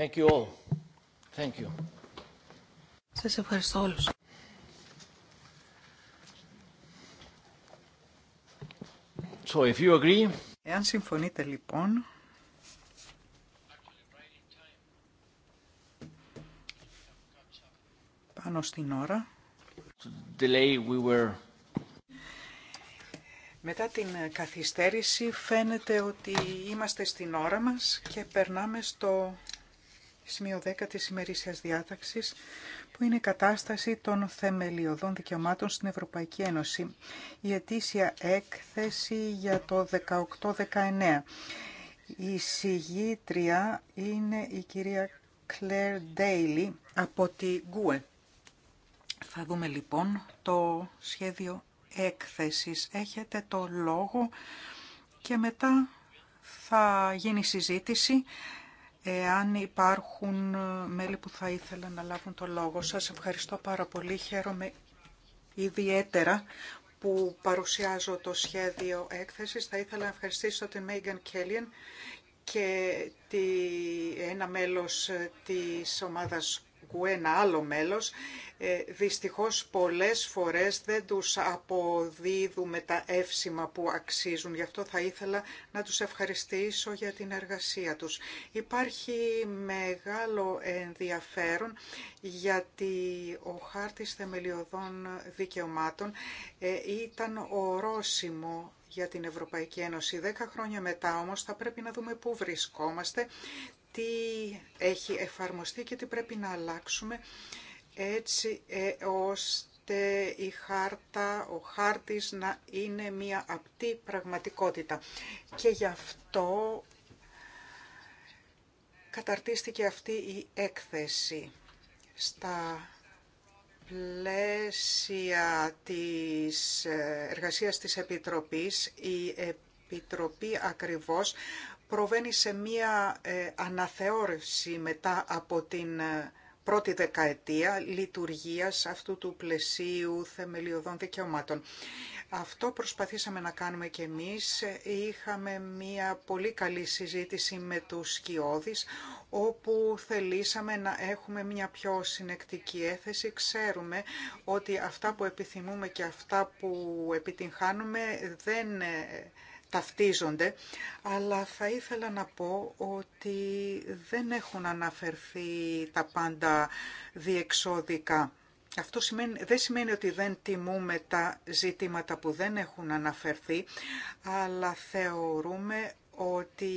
Thank Σας ευχαριστώ όλους. Εάν συμφωνείτε λοιπόν, πάνω στην ώρα, μετά την καθυστέρηση φαίνεται ότι είμαστε στην ώρα μας και περνάμε στο σημείο 10 της ημερήσιας διάταξης, που είναι η κατάσταση των θεμελιωδών δικαιωμάτων στην Ευρωπαϊκή Ένωση. Η ετήσια έκθεση για το 18-19. Η συγγήτρια είναι η κυρία Κλέρ Ντέιλι από τη Γκουε. Θα δούμε λοιπόν το σχέδιο έκθεσης. Έχετε το λόγο και μετά θα γίνει συζήτηση εάν υπάρχουν ε, μέλη που θα ήθελαν να λάβουν το λόγο. Σας ευχαριστώ πάρα πολύ. Χαίρομαι ιδιαίτερα που παρουσιάζω το σχέδιο έκθεσης. Θα ήθελα να ευχαριστήσω την Μέγαν Κέλλιεν και τη, ένα μέλος ε, της ομάδας Μεξικού, ένα άλλο μέλος, ε, δυστυχώς πολλές φορές δεν τους αποδίδουμε τα εύσημα που αξίζουν. Γι' αυτό θα ήθελα να τους ευχαριστήσω για την εργασία τους. Υπάρχει μεγάλο ενδιαφέρον γιατί ο χάρτης θεμελιωδών δικαιωμάτων ε, ήταν ορόσημο για την Ευρωπαϊκή Ένωση. Δέκα χρόνια μετά όμως θα πρέπει να δούμε πού βρισκόμαστε, τι έχει εφαρμοστεί και τι πρέπει να αλλάξουμε έτσι ε, ώστε η χάρτα, ο χάρτης να είναι μια απτή πραγματικότητα. Και γι' αυτό καταρτίστηκε αυτή η έκθεση στα πλαίσια της ε, εργασίας της Επιτροπής, η Επιτροπή ακριβώς προβαίνει σε μία ε, αναθεώρευση μετά από την ε, πρώτη δεκαετία λειτουργίας αυτού του πλαισίου θεμελιωδών δικαιωμάτων. Αυτό προσπαθήσαμε να κάνουμε και εμείς. Είχαμε μία πολύ καλή συζήτηση με τους σκιώδεις, όπου θελήσαμε να έχουμε μία πιο συνεκτική έθεση. Ξέρουμε ότι αυτά που επιθυμούμε και αυτά που επιτυγχάνουμε δεν ε, ταυτίζονται, αλλά θα ήθελα να πω ότι δεν έχουν αναφερθεί τα πάντα διεξόδικα. Αυτό σημαίνει, δεν σημαίνει ότι δεν τιμούμε τα ζητήματα που δεν έχουν αναφερθεί, αλλά θεωρούμε ότι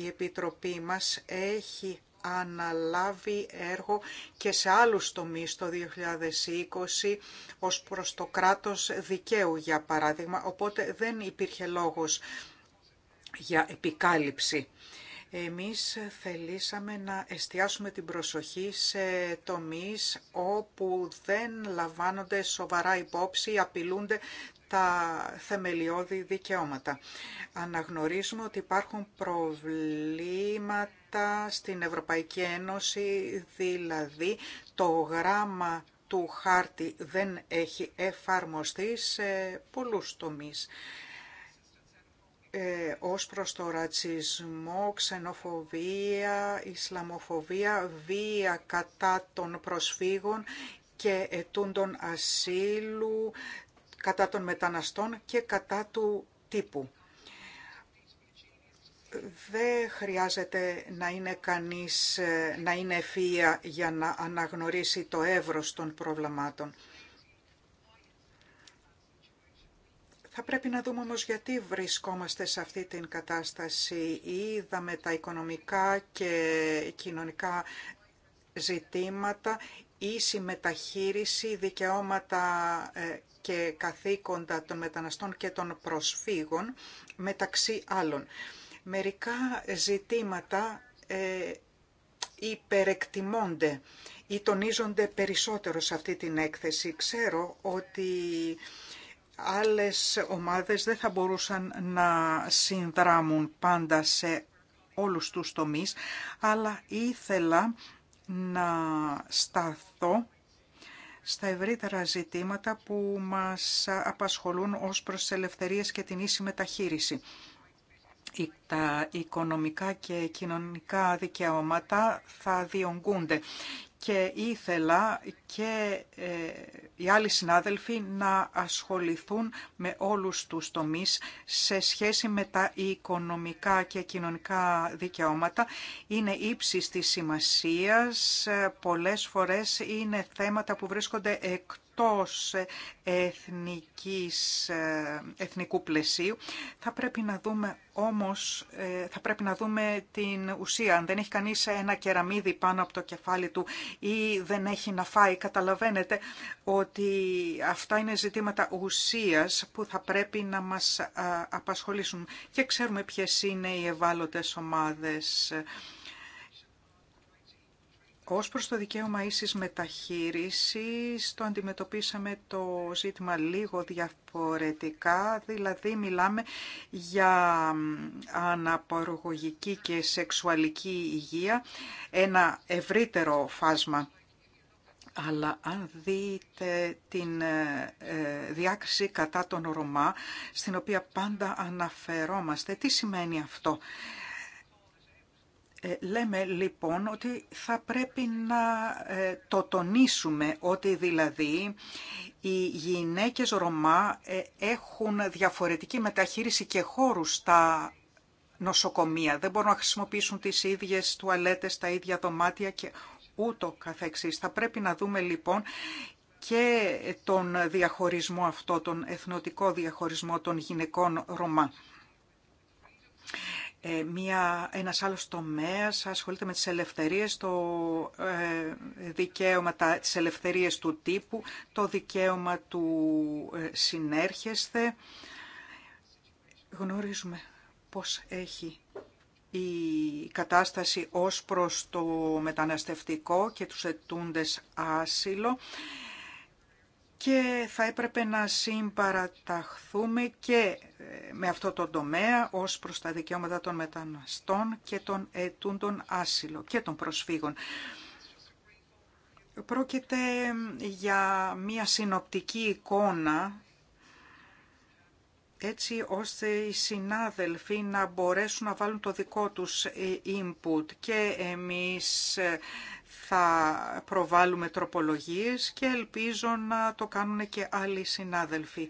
η Επιτροπή μας έχει αναλάβει έργο και σε άλλους τομείς το 2020 ως προς το κράτος δικαίου για παράδειγμα, οπότε δεν υπήρχε λόγος για επικάλυψη. Εμείς θελήσαμε να εστιάσουμε την προσοχή σε τομείς όπου δεν λαμβάνονται σοβαρά υπόψη, απειλούνται τα θεμελιώδη δικαιώματα. Αναγνωρίζουμε ότι υπάρχουν προβλήματα στην Ευρωπαϊκή Ένωση, δηλαδή το γράμμα του χάρτη δεν έχει εφαρμοστεί σε πολλούς τομείς. Ε, ως προς το ρατσισμό, ξενοφοβία, ισλαμοφοβία, βία κατά των προσφύγων και των ασύλου, κατά των μεταναστών και κατά του τύπου δεν χρειάζεται να είναι κανείς, ε, να είναι για να αναγνωρίσει το εύρος των προβλημάτων. Θα πρέπει να δούμε όμως γιατί βρισκόμαστε σε αυτή την κατάσταση. Είδαμε τα οικονομικά και κοινωνικά ζητήματα, ίση μεταχείριση, δικαιώματα ε, και καθήκοντα των μεταναστών και των προσφύγων μεταξύ άλλων. Μερικά ζητήματα ε, υπερεκτιμώνται ή τονίζονται περισσότερο σε αυτή την έκθεση. Ξέρω ότι άλλες ομάδες δεν θα μπορούσαν να συνδράμουν πάντα σε όλους τους τομείς, αλλά ήθελα να σταθώ στα ευρύτερα ζητήματα που μας απασχολούν ως προς τις ελευθερίες και την ίση μεταχείριση τα οικονομικά και κοινωνικά δικαιώματα θα διονγκούνται. Και ήθελα και ε, οι άλλοι συνάδελφοι να ασχοληθούν με όλους τους τομείς σε σχέση με τα οικονομικά και κοινωνικά δικαιώματα. Είναι ύψης της σημασίας, ε, πολλές φορές είναι θέματα που βρίσκονται εκτός εκτός εθνικής, ε, εθνικού πλαισίου. Θα πρέπει να δούμε όμως, ε, θα πρέπει να δούμε την ουσία. Αν δεν έχει κανείς ένα κεραμίδι πάνω από το κεφάλι του ή δεν έχει να φάει, καταλαβαίνετε ότι αυτά είναι ζητήματα ουσίας που θα πρέπει να μας ε, απασχολήσουν. Και ξέρουμε ποιες είναι οι ευάλωτες ομάδες ως προς το δικαίωμα ίσης μεταχείρισης, το αντιμετωπίσαμε το ζήτημα λίγο διαφορετικά, δηλαδή μιλάμε για αναπαραγωγική και σεξουαλική υγεία, ένα ευρύτερο φάσμα. Αλλά αν δείτε την ε, ε, διάκριση κατά τον Ρωμά, στην οποία πάντα αναφερόμαστε, τι σημαίνει αυτό. Ε, λέμε λοιπόν ότι θα πρέπει να ε, το τονίσουμε ότι δηλαδή οι γυναίκες Ρωμά ε, έχουν διαφορετική μεταχείριση και χώρους στα νοσοκομεία. Δεν μπορούν να χρησιμοποιήσουν τις ίδιες τουαλέτες, τα ίδια δωμάτια και ούτω καθεξής. Θα πρέπει να δούμε λοιπόν και τον διαχωρισμό αυτό, τον εθνοτικό διαχωρισμό των γυναικών Ρωμά ε, μια, ένας άλλος τομέας ασχολείται με τις ελευθερίες, το ε, δικαίωμα τα, τις ελευθερίες του τύπου, το δικαίωμα του ε, συνέρχεσθε. Γνωρίζουμε πώς έχει η κατάσταση ως προς το μεταναστευτικό και τους ετούντες άσυλο και θα έπρεπε να συμπαραταχθούμε και ε, με αυτό το τομέα ως προς τα δικαιώματα των μεταναστών και των ετούντων άσυλο και των προσφύγων. Πρόκειται για μια συνοπτική εικόνα έτσι ώστε οι συνάδελφοι να μπορέσουν να βάλουν το δικό τους ε, input και εμείς ε, θα προβάλλουμε τροπολογίες και ελπίζω να το κάνουν και άλλοι συνάδελφοι.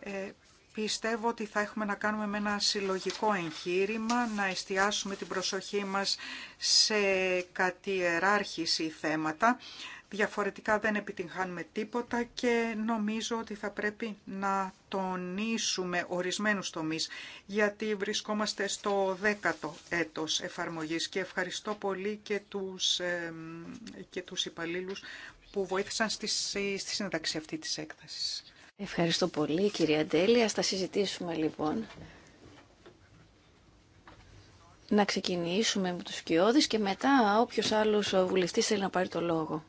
Ε, πιστεύω ότι θα έχουμε να κάνουμε με ένα συλλογικό εγχείρημα, να εστιάσουμε την προσοχή μας σε κατιεράρχηση θέματα, Διαφορετικά δεν επιτυγχάνουμε τίποτα και νομίζω ότι θα πρέπει να τονίσουμε ορισμένους τομείς γιατί βρισκόμαστε στο δέκατο έτος εφαρμογής και ευχαριστώ πολύ και τους, και τους υπαλλήλους που βοήθησαν στη, στη σύνταξη αυτή της έκτασης. Ευχαριστώ πολύ κυρία Ντέλη. Ας τα συζητήσουμε λοιπόν. Να ξεκινήσουμε με τους σκιώδεις και μετά όποιος άλλος βουλευτής θέλει να πάρει το λόγο.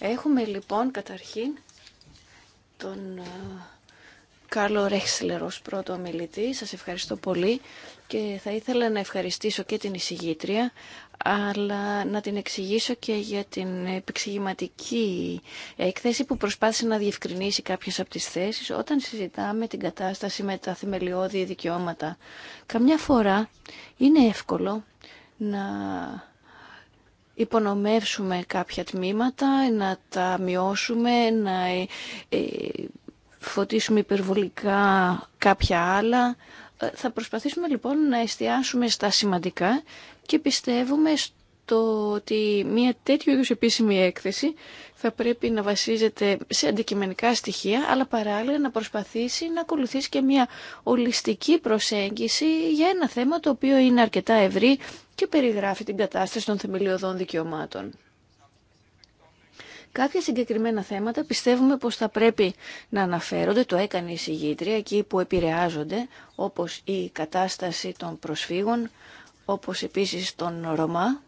Έχουμε λοιπόν καταρχήν τον ε, Κάρλο Ρέχσλερ ως πρώτο ομιλητή. Σας ευχαριστώ πολύ και θα ήθελα να ευχαριστήσω και την εισηγήτρια αλλά να την εξηγήσω και για την επεξηγηματική έκθεση που προσπάθησε να διευκρινίσει κάποιες από τις θέσεις όταν συζητάμε την κατάσταση με τα θεμελιώδη δικαιώματα. Καμιά φορά είναι εύκολο να υπονομεύσουμε κάποια τμήματα, να τα μειώσουμε, να ε, ε, φωτίσουμε υπερβολικά κάποια άλλα. Ε, θα προσπαθήσουμε λοιπόν να εστιάσουμε στα σημαντικά και πιστεύουμε το ότι μια τέτοιου είδους επίσημη έκθεση θα πρέπει να βασίζεται σε αντικειμενικά στοιχεία, αλλά παράλληλα να προσπαθήσει να ακολουθήσει και μια ολιστική προσέγγιση για ένα θέμα το οποίο είναι αρκετά ευρύ και περιγράφει την κατάσταση των θεμελιωδών δικαιωμάτων. Κάποια συγκεκριμένα θέματα πιστεύουμε πως θα πρέπει να αναφέρονται, το έκανε η συγγήτρια, εκεί που επηρεάζονται, όπως η κατάσταση των προσφύγων, όπως επίσης των Ρωμά,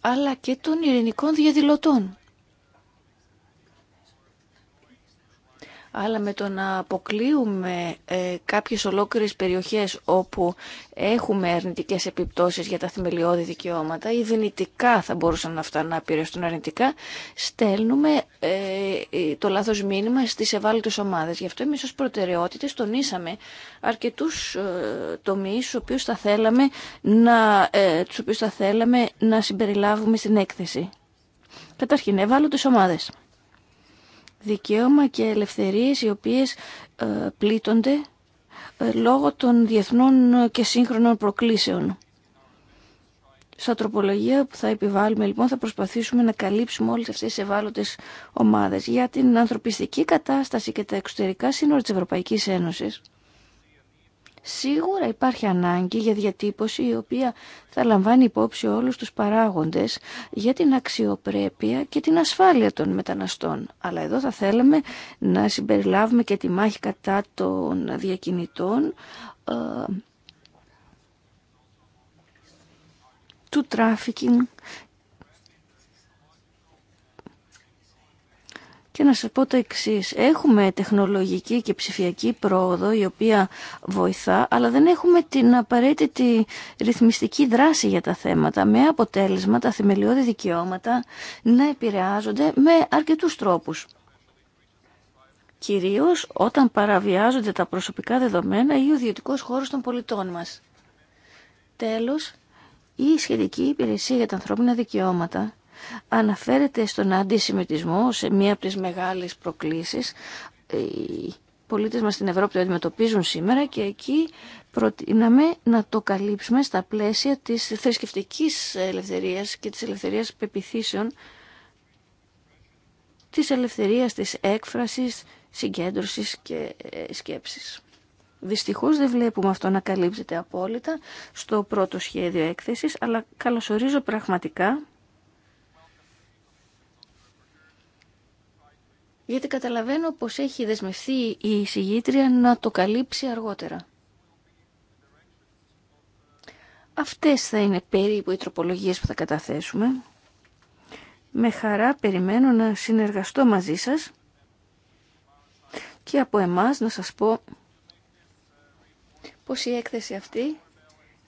αλλά και των ειρηνικών διαδηλωτών. αλλά με το να αποκλείουμε ε, κάποιες ολόκληρες περιοχές όπου έχουμε αρνητικές επιπτώσεις για τα θεμελιώδη δικαιώματα ή δυνητικά θα μπορούσαν αυτά να επηρεαστούν αρνητικά, στέλνουμε ε, ε, το λάθος μήνυμα στις ευάλωτες ομάδες. Γι' αυτό εμείς ως προτεραιότητες τονίσαμε αρκετούς τομείς στους οποίους θα θέλαμε να, οποίους θα θέλαμε να συμπεριλάβουμε στην έκθεση. Καταρχήν, ευάλωτες ομάδες δικαίωμα και ελευθερίες οι οποίες ε, πλήττονται ε, λόγω των διεθνών και σύγχρονων προκλήσεων. Στα τροπολογία που θα επιβάλλουμε λοιπόν θα προσπαθήσουμε να καλύψουμε όλες αυτές τις ευάλωτες ομάδες για την ανθρωπιστική κατάσταση και τα εξωτερικά σύνορα της Ευρωπαϊκής Ένωσης. Σίγουρα υπάρχει ανάγκη για διατύπωση η οποία θα λαμβάνει υπόψη όλους τους παράγοντες για την αξιοπρέπεια και την ασφάλεια των μεταναστών. Αλλά εδώ θα θέλαμε να συμπεριλάβουμε και τη μάχη κατά των διακινητών ε, του τράφικινγκ Και να σας πω το εξή. Έχουμε τεχνολογική και ψηφιακή πρόοδο η οποία βοηθά, αλλά δεν έχουμε την απαραίτητη ρυθμιστική δράση για τα θέματα, με αποτέλεσμα τα θεμελιώδη δικαιώματα να επηρεάζονται με αρκετούς τρόπους. Κυρίως όταν παραβιάζονται τα προσωπικά δεδομένα ή ο ιδιωτικό χώρος των πολιτών μας. Τέλος, η σχετική υπηρεσία για τα ανθρώπινα δικαιώματα αναφέρεται στον αντισημιτισμό σε μία από τις μεγάλες προκλήσεις. Οι πολίτες μας στην Ευρώπη το αντιμετωπίζουν σήμερα και εκεί προτείναμε να το καλύψουμε στα πλαίσια της θρησκευτικής ελευθερίας και της ελευθερίας πεπιθήσεων, της ελευθερίας της έκφρασης, συγκέντρωσης και ε, σκέψης. Δυστυχώς δεν βλέπουμε αυτό να καλύπτεται απόλυτα στο πρώτο σχέδιο έκθεσης, αλλά καλωσορίζω πραγματικά γιατί καταλαβαίνω πως έχει δεσμευθεί η εισηγήτρια να το καλύψει αργότερα. Αυτές θα είναι περίπου οι τροπολογίες που θα καταθέσουμε. Με χαρά περιμένω να συνεργαστώ μαζί σας και από εμάς να σας πω πως η έκθεση αυτή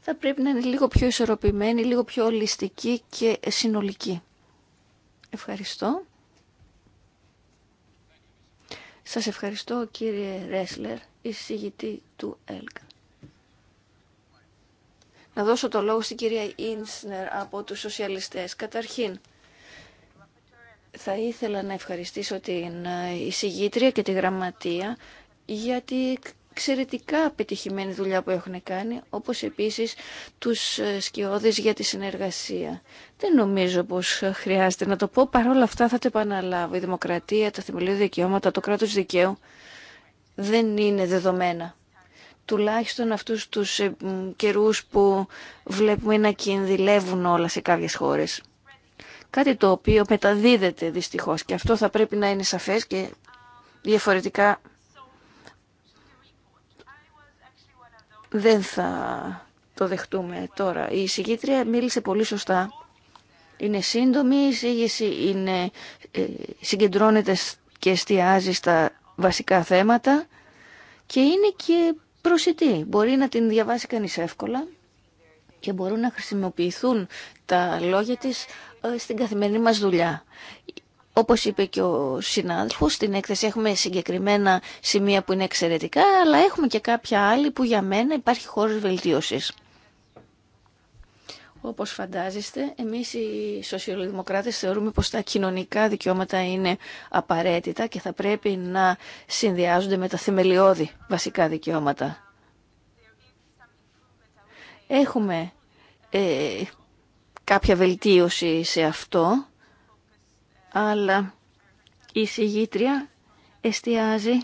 θα πρέπει να είναι λίγο πιο ισορροπημένη, λίγο πιο ολιστική και συνολική. Ευχαριστώ. Σας ευχαριστώ κύριε Ρέσλερ, εισηγητή του ΕΛΚΑ. Να δώσω το λόγο στην κυρία Ίνσνερ από τους σοσιαλιστές. Καταρχήν, θα ήθελα να ευχαριστήσω την εισηγήτρια και τη γραμματεία γιατί εξαιρετικά πετυχημένη δουλειά που έχουν κάνει, όπως επίσης τους ε, σκιώδες για τη συνεργασία. Δεν νομίζω πως ε, χρειάζεται να το πω, παρόλα αυτά θα το επαναλάβω. Η δημοκρατία, τα θεμελιώδη δικαιώματα, το κράτος δικαίου δεν είναι δεδομένα τουλάχιστον αυτούς τους ε, καιρούς που βλέπουμε να κινδυλεύουν όλα σε κάποιες χώρες. Κάτι το οποίο μεταδίδεται δυστυχώς και αυτό θα πρέπει να είναι σαφές και διαφορετικά δεν θα το δεχτούμε τώρα. Η εισηγήτρια μίλησε πολύ σωστά. Είναι σύντομη η εισήγηση, είναι, ε, συγκεντρώνεται και εστιάζει στα βασικά θέματα και είναι και προσιτή. Μπορεί να την διαβάσει κανείς εύκολα και μπορούν να χρησιμοποιηθούν τα λόγια της ε, στην καθημερινή μας δουλειά. Όπως είπε και ο συνάδελφος, στην έκθεση έχουμε συγκεκριμένα σημεία που είναι εξαιρετικά, αλλά έχουμε και κάποια άλλη που για μένα υπάρχει χώρος βελτίωσης. Όπως φαντάζεστε, εμείς οι σοσιαλδημοκράτες θεωρούμε πως τα κοινωνικά δικαιώματα είναι απαραίτητα και θα πρέπει να συνδυάζονται με τα θεμελιώδη βασικά δικαιώματα. Έχουμε ε, κάποια βελτίωση σε αυτό αλλά η συγγήτρια εστιάζει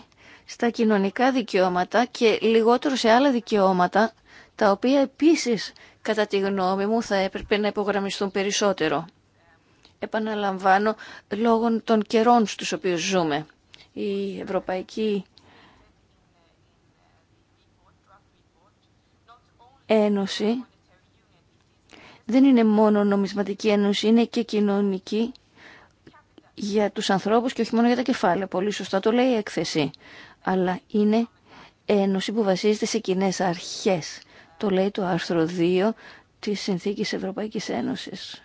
στα κοινωνικά δικαιώματα και λιγότερο σε άλλα δικαιώματα, τα οποία επίσης, κατά τη γνώμη μου, θα έπρεπε να υπογραμμιστούν περισσότερο. Επαναλαμβάνω, λόγω των καιρών στους οποίους ζούμε. Η Ευρωπαϊκή Ένωση δεν είναι μόνο νομισματική ένωση, είναι και κοινωνική για τους ανθρώπους και όχι μόνο για τα κεφάλαια. Πολύ σωστά το λέει η έκθεση. Αλλά είναι ένωση που βασίζεται σε κοινέ αρχές. Το λέει το άρθρο 2 της Συνθήκης Ευρωπαϊκής Ένωσης.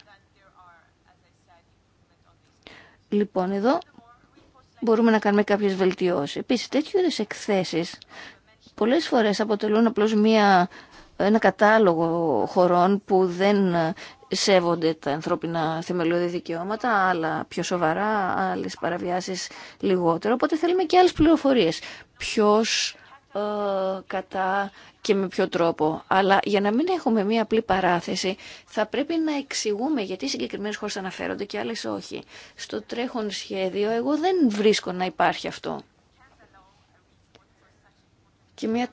Λοιπόν, εδώ μπορούμε να κάνουμε κάποιες βελτιώσεις. Επίσης, τέτοιου είδους εκθέσεις πολλές φορές αποτελούν απλώς μία, ένα κατάλογο χωρών που δεν σέβονται τα ανθρώπινα θεμελιώδη δικαιώματα, άλλα πιο σοβαρά, άλλες παραβιάσεις λιγότερο. Οπότε θέλουμε και άλλες πληροφορίες. Ποιος ε, κατά και με ποιο τρόπο. Αλλά για να μην έχουμε μία απλή παράθεση, θα πρέπει να εξηγούμε γιατί συγκεκριμένε χώρε αναφέρονται και άλλε όχι. Στο τρέχον σχέδιο, εγώ δεν βρίσκω να υπάρχει αυτό. Και μία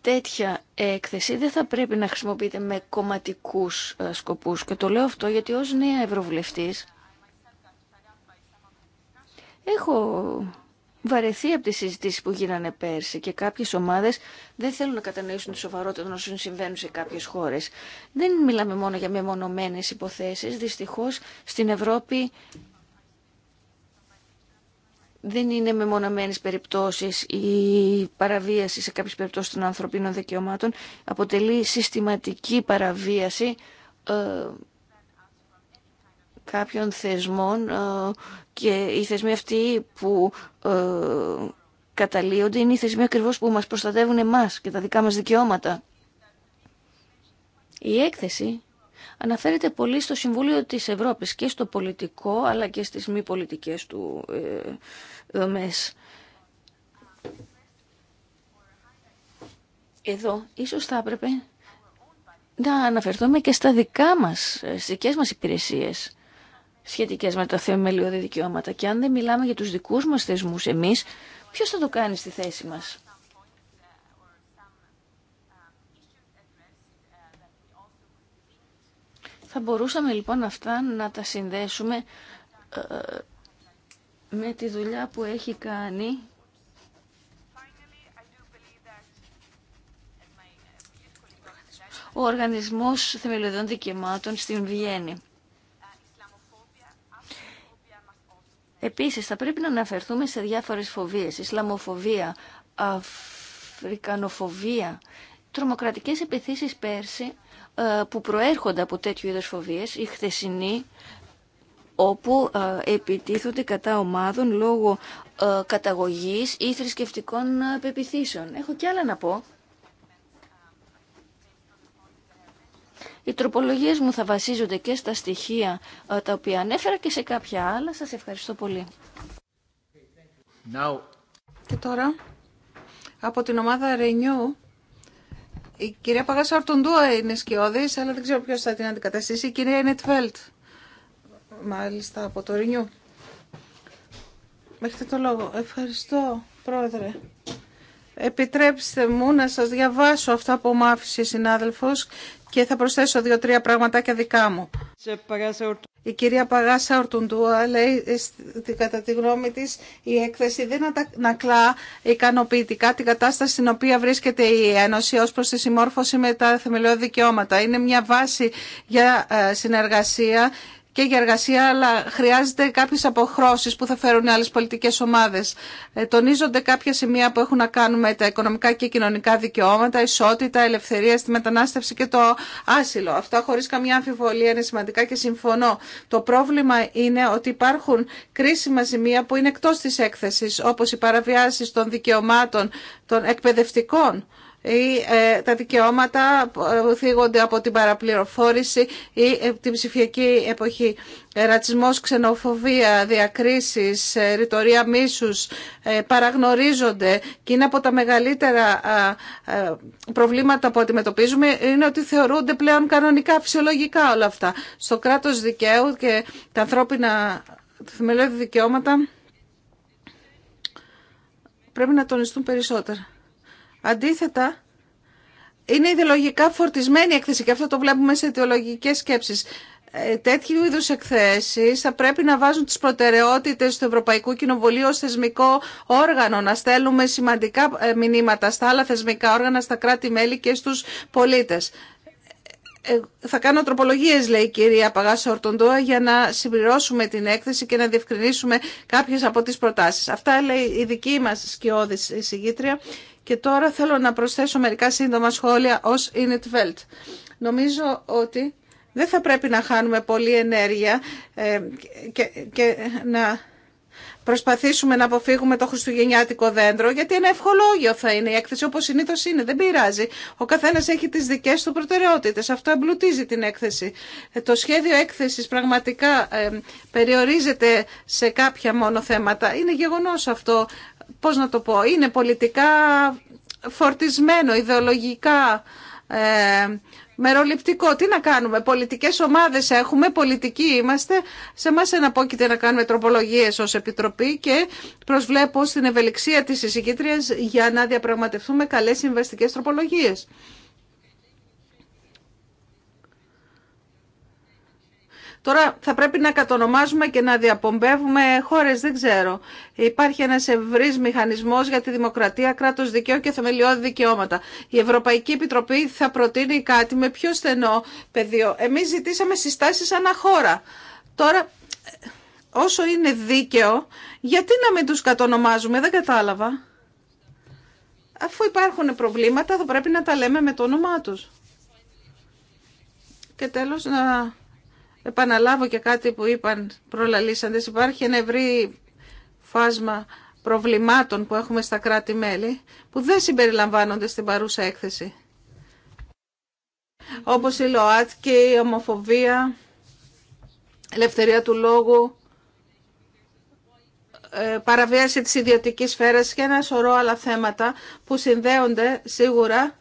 τέτοια έκθεση δεν θα πρέπει να χρησιμοποιείται με κομματικούς ε, σκοπούς. Και το λέω αυτό γιατί ως νέα ευρωβουλευτής έχω βαρεθεί από τις συζητήσεις που γίνανε πέρσι και κάποιες ομάδες δεν θέλουν να κατανοήσουν τη σοβαρότητα των όσων συμβαίνουν σε κάποιες χώρες. Δεν μιλάμε μόνο για μεμονωμένες υποθέσεις. Δυστυχώς στην Ευρώπη δεν είναι μεμονωμένες περιπτώσεις η παραβίαση σε κάποιες περιπτώσεις των ανθρωπίνων δικαιωμάτων αποτελεί συστηματική παραβίαση ε, κάποιων θεσμών ε, και οι θεσμοί αυτοί που ε, καταλύονται είναι οι θεσμοί ακριβώς που μας προστατεύουν εμάς και τα δικά μας δικαιώματα. Η έκθεση αναφέρεται πολύ στο Συμβούλιο της Ευρώπης και στο πολιτικό αλλά και στις μη πολιτικές του ε, δομές. Εδώ ίσως θα έπρεπε να αναφερθούμε και στα δικά μας, ε, στις δικές μας υπηρεσίες σχετικές με τα θεμελιώδη δικαιώματα. Και αν δεν μιλάμε για τους δικούς μας θεσμούς εμείς, ποιος θα το κάνει στη θέση μας. Θα μπορούσαμε λοιπόν αυτά να τα συνδέσουμε ε, με τη δουλειά που έχει κάνει ο Οργανισμός Θεμελιωδών Δικαιωμάτων στην Βιέννη. Επίσης, θα πρέπει να αναφερθούμε σε διάφορες φοβίες. Ισλαμοφοβία, αφρικανοφοβία, τρομοκρατικές επιθέσεις πέρσι ε, που προέρχονται από τέτοιου είδους φοβίες, η χθεσινοί όπου ε, επιτίθονται κατά ομάδων λόγω ε, καταγωγής ή θρησκευτικών πεπιθήσεων. Έχω κι άλλα να πω. Οι τροπολογίες μου θα βασίζονται και στα στοιχεία τα οποία ανέφερα και σε κάποια άλλα. Σας ευχαριστώ πολύ. Και τώρα, από την ομάδα Renew, η κυρία Παγάσα Ορτοντούα είναι σκιώδη, αλλά δεν ξέρω ποιο θα την αντικαταστήσει. Η κυρία Νετφέλτ, μάλιστα από το Ρινιού. Έχετε το λόγο. Ευχαριστώ, Πρόεδρε. Επιτρέψτε μου να σας διαβάσω αυτά που μου άφησε η συνάδελφος και θα προσθέσω δύο-τρία πραγματάκια δικά μου. Η κυρία Παγάσα Ορτουντούα λέει κατά τη γνώμη της η έκθεση δεν ανακλά ικανοποιητικά την κατάσταση στην οποία βρίσκεται η Ένωση ως προς τη συμμόρφωση με τα θεμελιώδη δικαιώματα. Είναι μια βάση για ε, συνεργασία και για εργασία, αλλά χρειάζεται κάποιε αποχρώσεις που θα φέρουν άλλες πολιτικές ομάδες. Ε, τονίζονται κάποια σημεία που έχουν να κάνουν με τα οικονομικά και κοινωνικά δικαιώματα, ισότητα, ελευθερία στη μετανάστευση και το άσυλο. Αυτά χωρί καμιά αμφιβολία είναι σημαντικά και συμφωνώ. Το πρόβλημα είναι ότι υπάρχουν κρίσιμα σημεία που είναι εκτό τη έκθεση, όπω οι παραβιάσει των δικαιωμάτων των εκπαιδευτικών ή ε, τα δικαιώματα ε, που θίγονται από την παραπληροφόρηση ή ε, την ψηφιακή εποχή. Ρατσισμός, ξενοφοβία, διακρίσεις, ρητορία μίσους παραγνωρίζονται και είναι από τα μεγαλύτερα προβλήματα που αντιμετωπίζουμε είναι ότι θεωρούνται πλέον κανονικά, φυσιολογικά όλα αυτά. Στο κράτος δικαίου και τα ανθρώπινα θεμελιώδη δικαιώματα πρέπει να τονιστούν περισσότερα. Αντίθετα, είναι ιδεολογικά φορτισμένη η έκθεση και αυτό το βλέπουμε σε ιδεολογικές σκέψεις. Ε, τέτοιου είδου εκθέσει θα πρέπει να βάζουν τι προτεραιότητε του Ευρωπαϊκού Κοινοβουλίου ω θεσμικό όργανο, να στέλνουμε σημαντικά ε, μηνύματα στα άλλα θεσμικά όργανα, στα κράτη-μέλη και στου πολίτε. Ε, θα κάνω τροπολογίες, λέει η κυρία Παγάσα Ορτοντόα, για να συμπληρώσουμε την έκθεση και να διευκρινίσουμε κάποιες από τις προτάσεις. Αυτά λέει η δική μας σκιώδης συγγήτρια. Και τώρα θέλω να προσθέσω μερικά σύντομα σχόλια ως Init Νομίζω ότι δεν θα πρέπει να χάνουμε πολλή ενέργεια ε, και να προσπαθήσουμε να αποφύγουμε το χριστουγεννιάτικο δέντρο, γιατί ένα ευχολόγιο θα είναι η έκθεση, όπως συνήθω είναι. Δεν πειράζει. Ο καθένας έχει τις δικές του προτεραιότητες. Αυτό εμπλουτίζει την έκθεση. Ε, το σχέδιο έκθεσης πραγματικά ε, περιορίζεται σε κάποια μόνο θέματα. Είναι γεγονός αυτό. πώ να το πω. Είναι πολιτικά φορτισμένο, ιδεολογικά ε, μεροληπτικό. Τι να κάνουμε, πολιτικές ομάδες έχουμε, πολιτικοί είμαστε. Σε εμά εναπόκειται να κάνουμε τροπολογίε ως Επιτροπή και προσβλέπω στην ευελιξία τη εισηγήτριας για να διαπραγματευτούμε καλέ συμβαστικέ τροπολογίες. Τώρα θα πρέπει να κατονομάζουμε και να διαπομπεύουμε χώρες, δεν ξέρω. Υπάρχει ένας ευρύ μηχανισμός για τη δημοκρατία, κράτο δικαίου και θεμελιώδη δικαιώματα. Η Ευρωπαϊκή Επιτροπή θα προτείνει κάτι με πιο στενό πεδίο. Εμείς ζητήσαμε συστάσεις ανά χώρα. Τώρα, όσο είναι δίκαιο, γιατί να μην τους κατονομάζουμε, δεν κατάλαβα. Αφού υπάρχουν προβλήματα, θα πρέπει να τα λέμε με το όνομά του. Και τέλος, να επαναλάβω και κάτι που είπαν προλαλήσαντες, υπάρχει ένα ευρύ φάσμα προβλημάτων που έχουμε στα κράτη-μέλη που δεν συμπεριλαμβάνονται στην παρούσα έκθεση. Όπως η ΛΟΑΤΚΙ, η ομοφοβία, ελευθερία του λόγου, ε, παραβίαση της ιδιωτικής σφαίρας και ένα σωρό άλλα θέματα που συνδέονται σίγουρα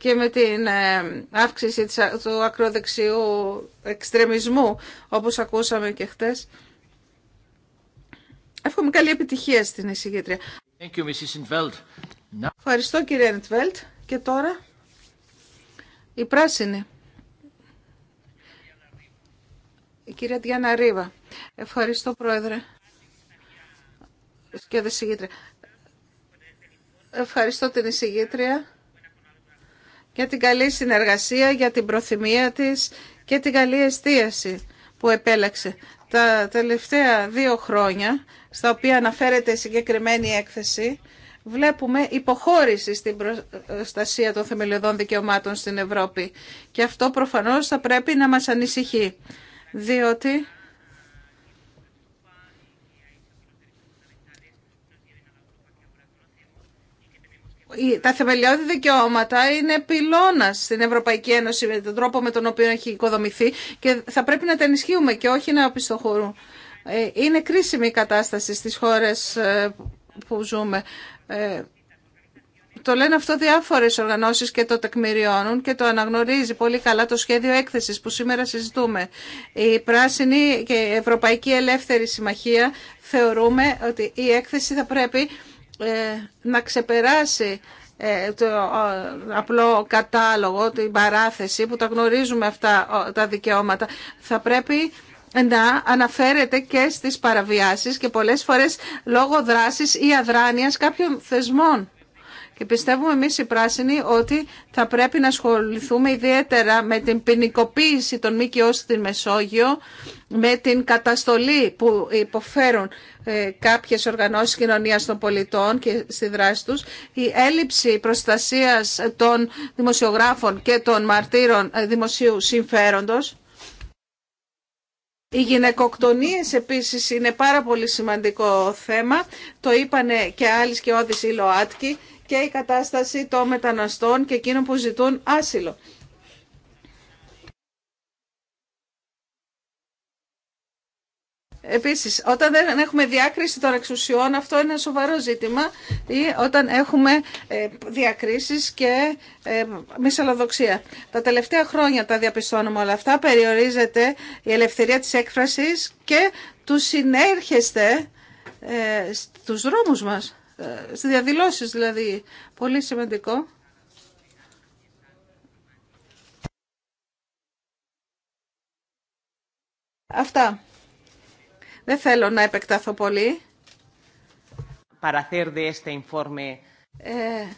και με την ε, αύξηση του ακροδεξιού εξτρεμισμού, όπως ακούσαμε και χτες. Εύχομαι καλή επιτυχία στην εισηγήτρια. you, Ευχαριστώ κύριε Νιτβέλτ. Και τώρα η πράσινη. Η κυρία Διάννα Ρίβα. Ευχαριστώ πρόεδρε. Και Ευχαριστώ την εισηγήτρια για την καλή συνεργασία, για την προθυμία της και την καλή εστίαση που επέλεξε. Τα τελευταία δύο χρόνια, στα οποία αναφέρεται η συγκεκριμένη έκθεση, βλέπουμε υποχώρηση στην προστασία των θεμελιωδών δικαιωμάτων στην Ευρώπη. Και αυτό προφανώς θα πρέπει να μας ανησυχεί, διότι τα θεμελιώδη δικαιώματα είναι πυλώνα στην Ευρωπαϊκή Ένωση με τον τρόπο με τον οποίο έχει οικοδομηθεί και θα πρέπει να τα ενισχύουμε και όχι να οπισθοχωρούν. Ε, είναι κρίσιμη η κατάσταση στις χώρες ε, που ζούμε. Ε, το λένε αυτό διάφορες οργανώσεις και το τεκμηριώνουν και το αναγνωρίζει πολύ καλά το σχέδιο έκθεσης που σήμερα συζητούμε. Η Πράσινη και η Ευρωπαϊκή Ελεύθερη Συμμαχία θεωρούμε ότι η έκθεση θα πρέπει ε, να ξεπεράσει ε, το απλό κατάλογο, την παράθεση που τα γνωρίζουμε αυτά τα δικαιώματα. Θα πρέπει να αναφέρεται και στις παραβιάσεις και πολλές φορές λόγω δράσης ή αδράνειας κάποιων θεσμών. Και πιστεύουμε εμείς οι πράσινοι ότι θα πρέπει να ασχοληθούμε ιδιαίτερα με την ποινικοποίηση των ΜΚΟ στην Μεσόγειο, με την καταστολή που υποφέρουν ε, κάποιες οργανώσεις κοινωνίας των πολιτών και στη δράση τους, η έλλειψη προστασίας των δημοσιογράφων και των μαρτύρων ε, δημοσίου συμφέροντος, οι γυναικοκτονίες επίσης είναι πάρα πολύ σημαντικό θέμα. Το είπανε και άλλοι και ο Άδης και η κατάσταση των μεταναστών και εκείνων που ζητούν άσυλο. Επίσης, όταν δεν έχουμε διάκριση των εξουσιών, αυτό είναι ένα σοβαρό ζήτημα ή όταν έχουμε ε, διακρίσεις και ε, μυσαλλοδοξία. Τα τελευταία χρόνια τα διαπιστώνουμε όλα αυτά. Περιορίζεται η ελευθερία της έκφρασης και του συνέρχεστε ε, στους δρόμους μας. Ε, στις διαδηλώσεις δηλαδή. Πολύ σημαντικό. Αυτά. Δεν θέλω να επεκτάθω πολύ. Ε,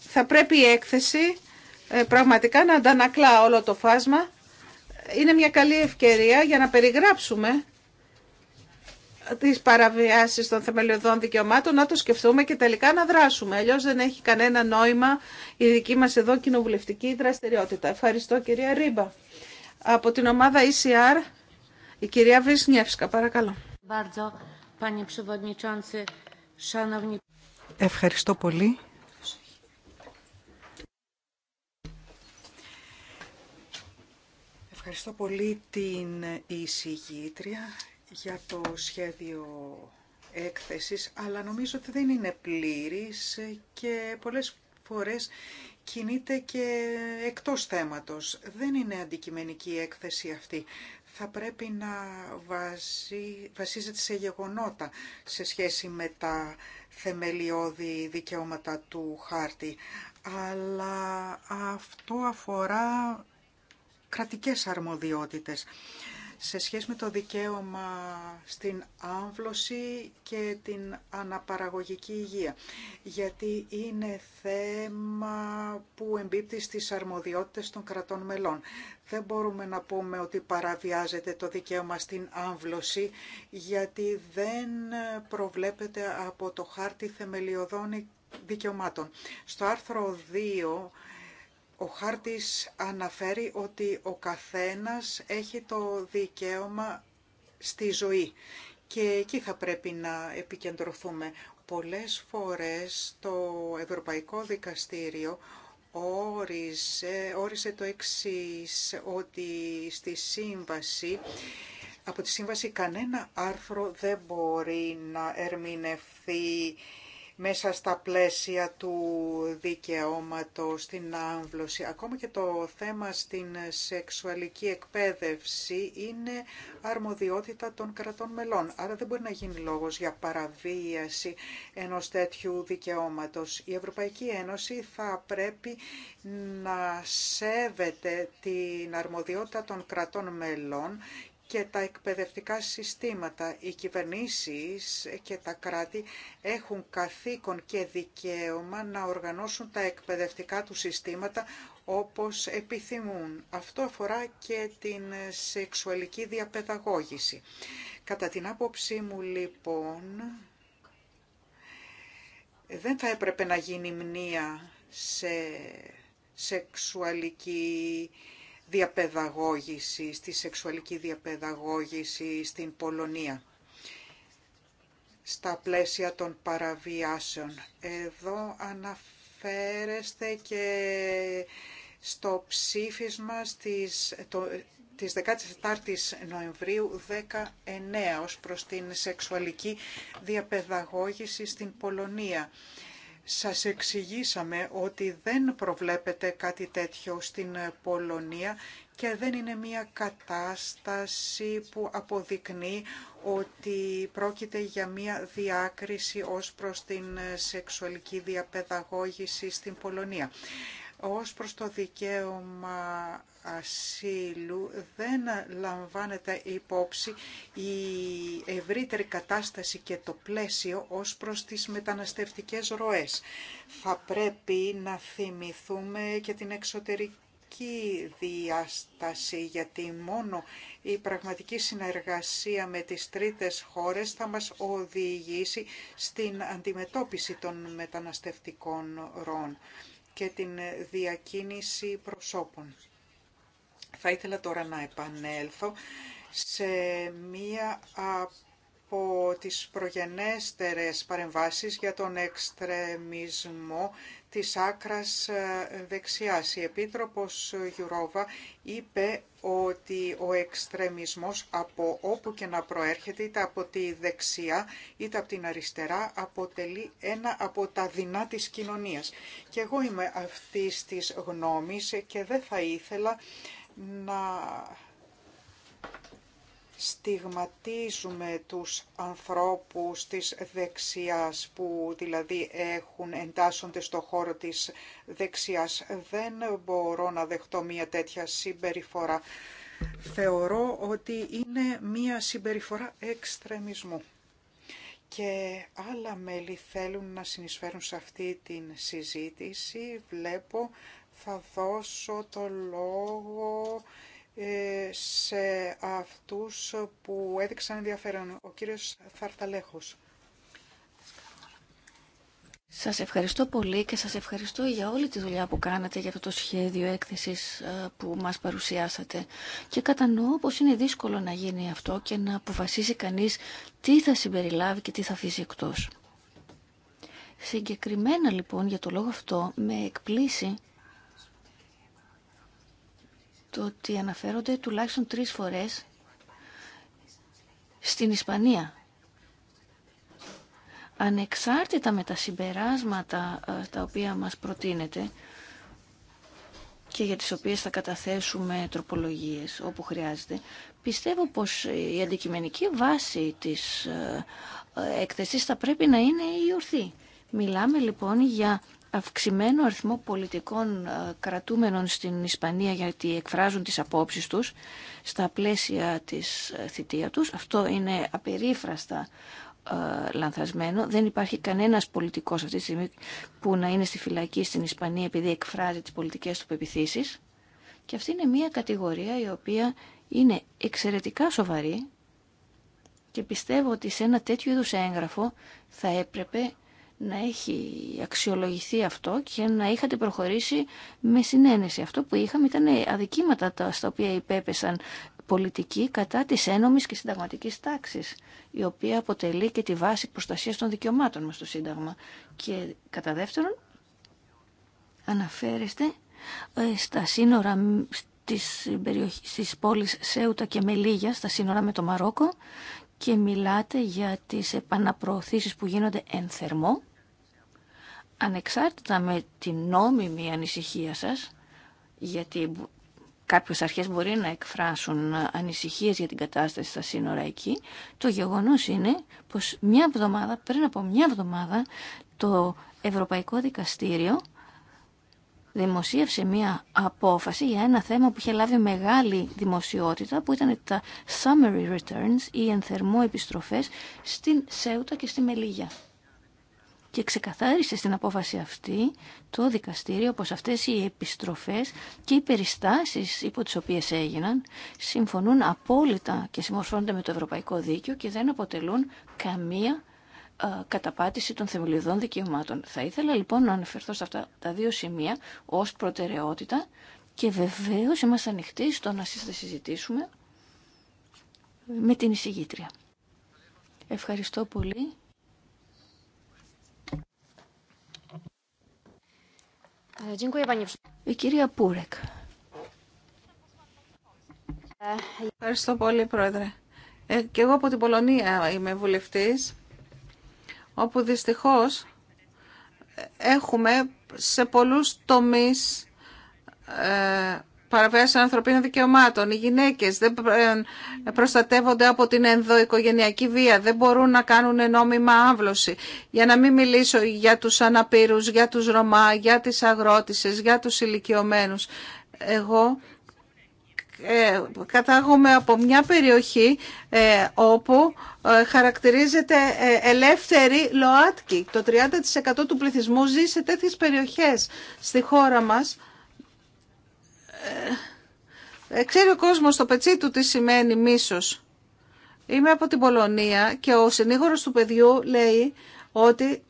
θα πρέπει η έκθεση ε, πραγματικά να αντανακλά όλο το φάσμα. Είναι μια καλή ευκαιρία για να περιγράψουμε τις παραβιάσεις των θεμελιωδών δικαιωμάτων, να το σκεφτούμε και τελικά να δράσουμε. Αλλιώ δεν έχει κανένα νόημα η δική μας εδώ κοινοβουλευτική δραστηριότητα. Ευχαριστώ κυρία Ρίμπα. Από την ομάδα ECR, η κυρία Βυσνιεύσκα, παρακαλώ. Ευχαριστώ πολύ. Ευχαριστώ πολύ την εισηγήτρια για το σχέδιο έκθεσης, αλλά νομίζω ότι δεν είναι πλήρης και πολλές φορές κινείται και εκτός θέματος. Δεν είναι αντικειμενική η έκθεση αυτή. Θα πρέπει να βασίζεται σε γεγονότα σε σχέση με τα θεμελιώδη δικαιώματα του χάρτη. Αλλά αυτό αφορά κρατικές αρμοδιότητες σε σχέση με το δικαίωμα στην άμβλωση και την αναπαραγωγική υγεία. Γιατί είναι θέμα που εμπίπτει στις αρμοδιότητες των κρατών μελών. Δεν μπορούμε να πούμε ότι παραβιάζεται το δικαίωμα στην άμβλωση, γιατί δεν προβλέπεται από το χάρτη θεμελιωδών δικαιωμάτων. Στο άρθρο 2 ο χάρτης αναφέρει ότι ο καθένας έχει το δικαίωμα στη ζωή και εκεί θα πρέπει να επικεντρωθούμε. Πολλές φορές το Ευρωπαϊκό Δικαστήριο όρισε, όρισε το εξής, ότι στη σύμβαση από τη σύμβαση κανένα άρθρο δεν μπορεί να ερμηνευθεί μέσα στα πλαίσια του δικαιώματος στην άμβλωση. Ακόμα και το θέμα στην σεξουαλική εκπαίδευση είναι αρμοδιότητα των κρατών μελών. Άρα δεν μπορεί να γίνει λόγος για παραβίαση ενός τέτοιου δικαιώματος. Η Ευρωπαϊκή Ένωση θα πρέπει να σέβεται την αρμοδιότητα των κρατών μελών και τα εκπαιδευτικά συστήματα. Οι κυβερνήσεις και τα κράτη έχουν καθήκον και δικαίωμα να οργανώσουν τα εκπαιδευτικά του συστήματα όπως επιθυμούν. Αυτό αφορά και την σεξουαλική διαπαιδαγώγηση. Κατά την άποψή μου λοιπόν δεν θα έπρεπε να γίνει μνήα σε σεξουαλική διαπαιδαγώγηση, στη σεξουαλική διαπαιδαγώγηση στην Πολωνία στα πλαίσια των παραβιάσεων. Εδώ αναφέρεστε και στο ψήφισμα στις, το, της 14ης Νοεμβρίου 19 ως προς την σεξουαλική διαπαιδαγώγηση στην Πολωνία. Σας εξηγήσαμε ότι δεν προβλέπεται κάτι τέτοιο στην Πολωνία και δεν είναι μια κατάσταση που αποδεικνύει ότι πρόκειται για μια διάκριση ως προς την σεξουαλική διαπαιδαγώγηση στην Πολωνία. Ως προς το δικαίωμα ασύλου δεν λαμβάνεται υπόψη η ευρύτερη κατάσταση και το πλαίσιο ως προς τις μεταναστευτικές ροές. Θα πρέπει να θυμηθούμε και την εξωτερική διάσταση, γιατί μόνο η πραγματική συνεργασία με τις τρίτες χώρες θα μας οδηγήσει στην αντιμετώπιση των μεταναστευτικών ροών και την διακίνηση προσώπων. Θα ήθελα τώρα να επανέλθω σε μία από τις προγενέστερες παρεμβάσεις για τον εξτρεμισμό της άκρας ε, δεξιάς. Η Επίτροπος Γιουρόβα είπε ότι ο εξτρεμισμός από όπου και να προέρχεται, είτε από τη δεξιά είτε από την αριστερά, αποτελεί ένα από τα δεινά της κοινωνίας. Και εγώ είμαι αυτής της γνώμης και δεν θα ήθελα να στιγματίζουμε τους ανθρώπους της δεξιάς που δηλαδή έχουν εντάσσονται στο χώρο της δεξιάς. Δεν μπορώ να δεχτώ μια τέτοια συμπεριφορά. Θεωρώ ότι είναι μια συμπεριφορά εξτρεμισμού. Και άλλα μέλη θέλουν να συνεισφέρουν σε αυτή την συζήτηση. Βλέπω θα δώσω το λόγο ε, σε αυτούς που έδειξαν ενδιαφέρον. Ο κύριος Θαρταλέχος. Σας ευχαριστώ πολύ και σας ευχαριστώ για όλη τη δουλειά που κάνατε για αυτό το σχέδιο έκθεσης ε, που μας παρουσιάσατε. Και κατανοώ πως είναι δύσκολο να γίνει αυτό και να αποφασίσει κανείς τι θα συμπεριλάβει και τι θα αφήσει εκτός. Συγκεκριμένα λοιπόν για το λόγο αυτό με εκπλήσει το ότι αναφέρονται τουλάχιστον τρεις φορές στην Ισπανία. Ανεξάρτητα με τα συμπεράσματα ε, τα οποία μας προτείνεται και για τις οποίες θα καταθέσουμε τροπολογίες όπου χρειάζεται, πιστεύω πως η αντικειμενική βάση της ε, ε, έκθεσης θα πρέπει να είναι η ορθή. Μιλάμε λοιπόν για αυξημένο αριθμό πολιτικών ε, κρατούμενων στην Ισπανία γιατί εκφράζουν τις απόψεις τους στα πλαίσια της ε, θητεία τους. Αυτό είναι απερίφραστα ε, λανθασμένο. Δεν υπάρχει κανένας πολιτικός αυτή τη στιγμή που να είναι στη φυλακή στην Ισπανία επειδή εκφράζει τις πολιτικές του πεπιθήσεις. Και αυτή είναι μια κατηγορία η οποία είναι εξαιρετικά σοβαρή και πιστεύω ότι σε ένα τέτοιο είδους έγγραφο θα έπρεπε να έχει αξιολογηθεί αυτό και να είχατε προχωρήσει με συνένεση. Αυτό που είχαμε ήταν αδικήματα τα, στα οποία υπέπεσαν πολιτικοί κατά της ένομης και συνταγματικής τάξης, η οποία αποτελεί και τη βάση προστασίας των δικαιωμάτων μας στο Σύνταγμα. Και κατά δεύτερον, αναφέρεστε ε, στα σύνορα της, περιοχής, της πόλης Σέουτα και Μελίγια, στα σύνορα με το Μαρόκο, και μιλάτε για τις επαναπροωθήσεις που γίνονται εν θερμό ανεξάρτητα με την νόμιμη ανησυχία σας, γιατί κάποιες αρχές μπορεί να εκφράσουν ανησυχίες για την κατάσταση στα σύνορα εκεί, το γεγονός είναι πως μια εβδομάδα, πριν από μια εβδομάδα, το Ευρωπαϊκό Δικαστήριο δημοσίευσε μία απόφαση για ένα θέμα που είχε λάβει μεγάλη δημοσιότητα που ήταν τα summary returns ή ενθερμό επιστροφές στην Σέουτα και στη Μελίγια και ξεκαθάρισε στην απόφαση αυτή το δικαστήριο πως αυτές οι επιστροφές και οι περιστάσεις υπό τις οποίες έγιναν συμφωνούν απόλυτα και συμμορφώνονται με το ευρωπαϊκό δίκαιο και δεν αποτελούν καμία καταπάτηση των θεμελιωδών δικαιωμάτων. Θα ήθελα λοιπόν να αναφερθώ σε αυτά τα δύο σημεία ως προτεραιότητα και βεβαίως είμαστε ανοιχτοί στο να συζητήσουμε με την εισηγήτρια. Ευχαριστώ πολύ. Ε, Η κυρία Πούρεκ. Ευχαριστώ πολύ, Πρόεδρε. Ε, και εγώ από την Πολωνία είμαι βουλευτής, όπου δυστυχώς ε, έχουμε σε πολλούς τομείς ε, παραβιάσει ανθρωπίνων δικαιωμάτων. Οι γυναίκε δεν ε, προστατεύονται από την ενδοοικογενειακή βία, δεν μπορούν να κάνουν νόμιμα άμβλωση. Για να μην μιλήσω για του αναπήρους, για τους Ρωμά, για τι αγρότησε, για του ηλικιωμένου. Εγώ ε, κατάγομαι από μια περιοχή ε, όπου ε, χαρακτηρίζεται ελεύθερη ΛΟΑΤΚΙ. Το 30% του πληθυσμού ζει σε τέτοιες περιοχές στη χώρα μας ε, ε, ξέρει ο κόσμος στο πετσί του τι σημαίνει μίσος. Είμαι από την Πολωνία και ο συνήγορος του παιδιού λέει ότι...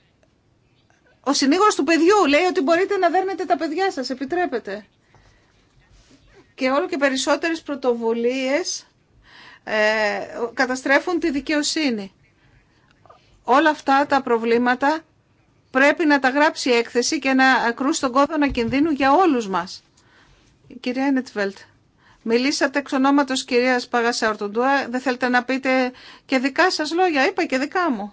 Ο συνήγορος του παιδιού λέει ότι μπορείτε να δέρνετε τα παιδιά σας, επιτρέπετε. Και όλο και περισσότερες πρωτοβουλίες ε, καταστρέφουν τη δικαιοσύνη. Όλα αυτά τα προβλήματα πρέπει να τα γράψει η έκθεση και να ακρούσει τον κόδωνα κινδύνου για όλους μας. Κυρία Νετβέλτ, μιλήσατε εξ ονόματο κυρίας Παγάσα Ορτοντούα, δεν θέλετε να πείτε και δικά σας λόγια, είπα και δικά μου.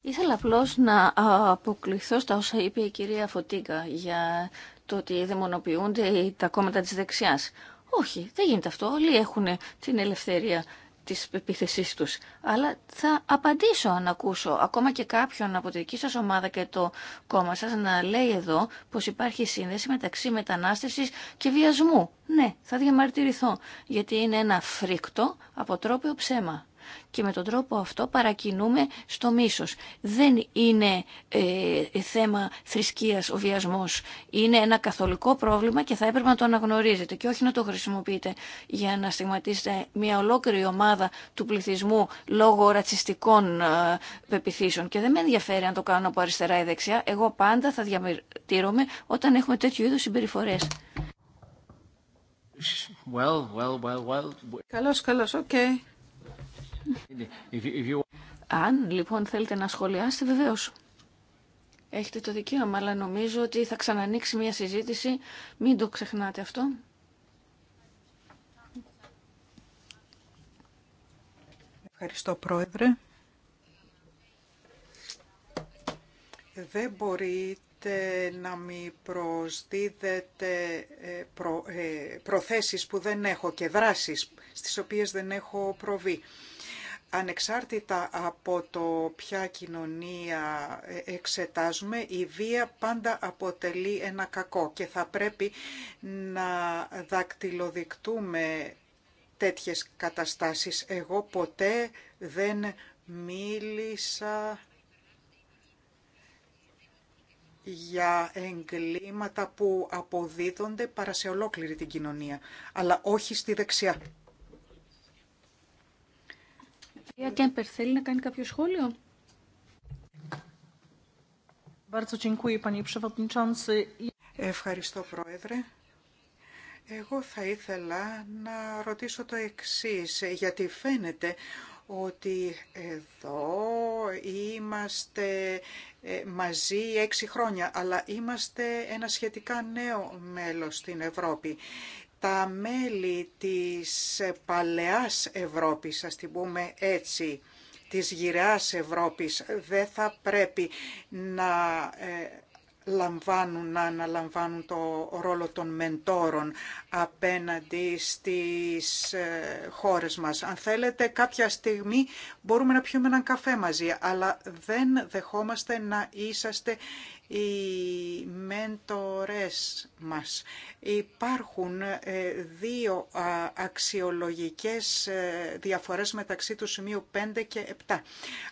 Ήθελα απλώ να αποκλειθώ στα όσα είπε η κυρία Φωτίγκα για το ότι δαιμονοποιούνται τα κόμματα της δεξιάς. Όχι, δεν γίνεται αυτό. Όλοι έχουν την ελευθερία της επίθεσής τους. Αλλά θα απαντήσω αν ακούσω ακόμα και κάποιον από τη δική σας ομάδα και το κόμμα σας να λέει εδώ πως υπάρχει σύνδεση μεταξύ μετανάστευσης και βιασμού. Ναι, θα διαμαρτυρηθώ, γιατί είναι ένα φρίκτο αποτρόπιο ψέμα και με τον τρόπο αυτό παρακινούμε στο μίσος. Δεν είναι ε, θέμα θρησκείας ο βιασμός. Είναι ένα καθολικό πρόβλημα και θα έπρεπε να το αναγνωρίζετε και όχι να το χρησιμοποιείτε για να στιγματίσετε μια ολόκληρη ομάδα του πληθυσμού λόγω ρατσιστικών ε, πεπιθήσεων. Και δεν με ενδιαφέρει αν το κάνω από αριστερά ή δεξιά. Εγώ πάντα θα διαμερτύρομαι όταν έχουμε τέτοιου είδους συμπεριφορές. Well, well, well, well. Καλώς, καλώς, οκ. Okay. Αν λοιπόν θέλετε να σχολιάσετε βεβαίως. Έχετε το δικαίωμα, αλλά νομίζω ότι θα ξανανοίξει μια συζήτηση. Μην το ξεχνάτε αυτό. Ευχαριστώ, Πρόεδρε. Δεν μπορείτε να μην προσδίδετε ε, ε, προθέσεις που δεν έχω και δράσεις στις οποίες δεν έχω προβεί. Ανεξάρτητα από το ποια κοινωνία ε, εξετάζουμε, η βία πάντα αποτελεί ένα κακό και θα πρέπει να δακτυλοδεικτούμε τέτοιες καταστάσεις. Εγώ ποτέ δεν μίλησα για εγκλήματα που αποδίδονται παρά σε ολόκληρη την κοινωνία, αλλά όχι στη δεξιά. Κυρία Κέμπερ, θέλει να κάνει κάποιο σχόλιο. Ευχαριστώ, Πρόεδρε. Εγώ θα ήθελα να ρωτήσω το εξής, γιατί φαίνεται ότι εδώ είμαστε ε, μαζί έξι χρόνια, αλλά είμαστε ένα σχετικά νέο μέλος στην Ευρώπη τα μέλη της παλαιάς Ευρώπης, ας την πούμε έτσι, της γυραιάς Ευρώπης, δεν θα πρέπει να ε, λαμβάνουν, να αναλαμβάνουν το ρόλο των μεντόρων απέναντι στις ε, χώρες μας. Αν θέλετε κάποια στιγμή μπορούμε να πιούμε έναν καφέ μαζί, αλλά δεν δεχόμαστε να είσαστε οι μέντορές μας. Υπάρχουν ε, δύο αξιολογικές ε, διαφορές μεταξύ του σημείου 5 και 7.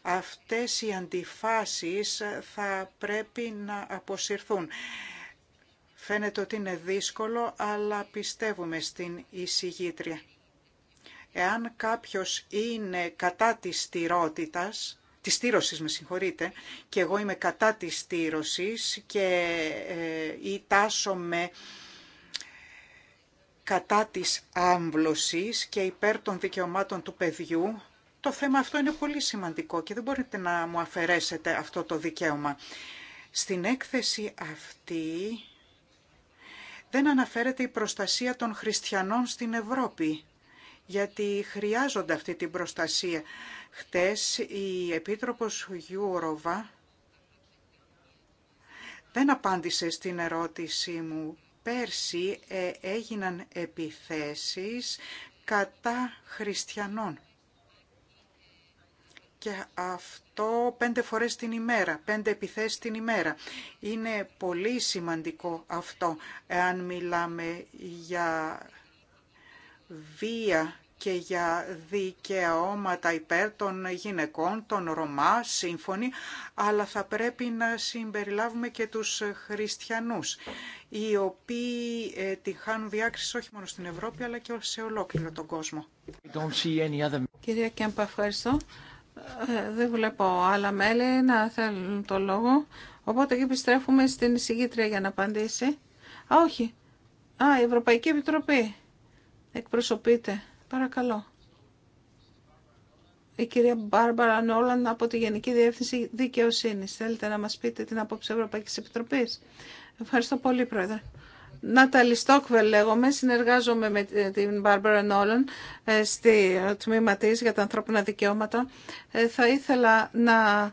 Αυτές οι αντιφάσεις θα πρέπει να αποσυρθούν. Φαίνεται ότι είναι δύσκολο, αλλά πιστεύουμε στην εισηγήτρια. Εάν κάποιος είναι κατά της στηρότητας, της στήρωσης, με συγχωρείτε, και εγώ είμαι κατά της στήρωσης και ή ε, τάσομαι κατά της άμβλωσης και υπέρ των δικαιωμάτων του παιδιού. Το θέμα αυτό είναι πολύ σημαντικό και δεν μπορείτε να μου αφαιρέσετε αυτό το δικαίωμα. Στην έκθεση αυτή δεν αναφέρεται η προστασία των χριστιανών στην Ευρώπη γιατί χρειάζονται αυτή την προστασία. Χτες η Επίτροπος Γιούροβα δεν απάντησε στην ερώτησή μου. Πέρσι ε, έγιναν επιθέσεις κατά χριστιανών. Και αυτό πέντε φορές την ημέρα, πέντε επιθέσεις την ημέρα. Είναι πολύ σημαντικό αυτό, εάν μιλάμε για βία και για δικαιώματα υπέρ των γυναικών, των Ρωμά, σύμφωνοι, αλλά θα πρέπει να συμπεριλάβουμε και τους χριστιανούς, οι οποίοι ε, την χάνουν διάκριση όχι μόνο στην Ευρώπη, αλλά και σε ολόκληρο τον κόσμο. Κυρία Κέμπα, ευχαριστώ. Ε, δεν βλέπω άλλα μέλη να θέλουν το λόγο. Οπότε επιστρέφουμε στην εισηγήτρια για να απαντήσει. Α, όχι. Α, η Ευρωπαϊκή Επιτροπή εκπροσωπείτε. Παρακαλώ. Η κυρία Μπάρμπαρα Νόλαν από τη Γενική Διεύθυνση Δικαιοσύνης. Θέλετε να μας πείτε την απόψη Ευρωπαϊκής Επιτροπής. Ευχαριστώ πολύ, Πρόεδρε. Νάταλι Στόκβελ λέγομαι, συνεργάζομαι με την Μπάρμπαρα Νόλαν ε, στη ε, τμήμα τη για τα ανθρώπινα δικαιώματα. Ε, θα ήθελα να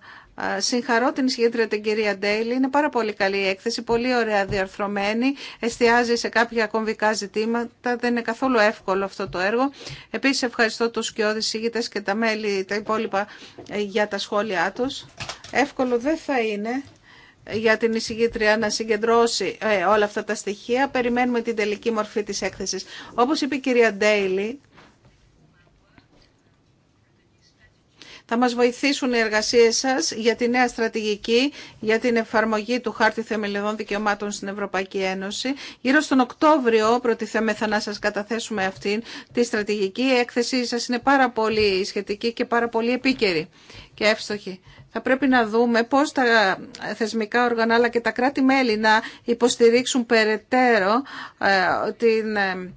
Συγχαρώ την ισχύτρια την κυρία Ντέιλι. Είναι πάρα πολύ καλή η έκθεση, πολύ ωραία διαρθρωμένη. Εστιάζει σε κάποια κομβικά ζητήματα. Δεν είναι καθόλου εύκολο αυτό το έργο. Επίσης ευχαριστώ τους κοιόδης ηγητές και τα μέλη, τα υπόλοιπα ε, για τα σχόλιά του. Εύκολο δεν θα είναι για την εισηγήτρια να συγκεντρώσει ε, όλα αυτά τα στοιχεία. Περιμένουμε την τελική μορφή της έκθεσης. Όπως είπε η κυρία Ντέιλι, Θα μας βοηθήσουν οι εργασίες σας για τη νέα στρατηγική, για την εφαρμογή του Χάρτη Θεμελιωδών Δικαιωμάτων στην Ευρωπαϊκή Ένωση. Γύρω στον Οκτώβριο προτιθέμεθα να σας καταθέσουμε αυτήν τη στρατηγική. Η έκθεσή σας είναι πάρα πολύ σχετική και πάρα πολύ επίκαιρη και εύστοχη. Θα πρέπει να δούμε πώς τα θεσμικά όργανα αλλά και τα κράτη-μέλη να υποστηρίξουν περαιτέρω ε, την ε,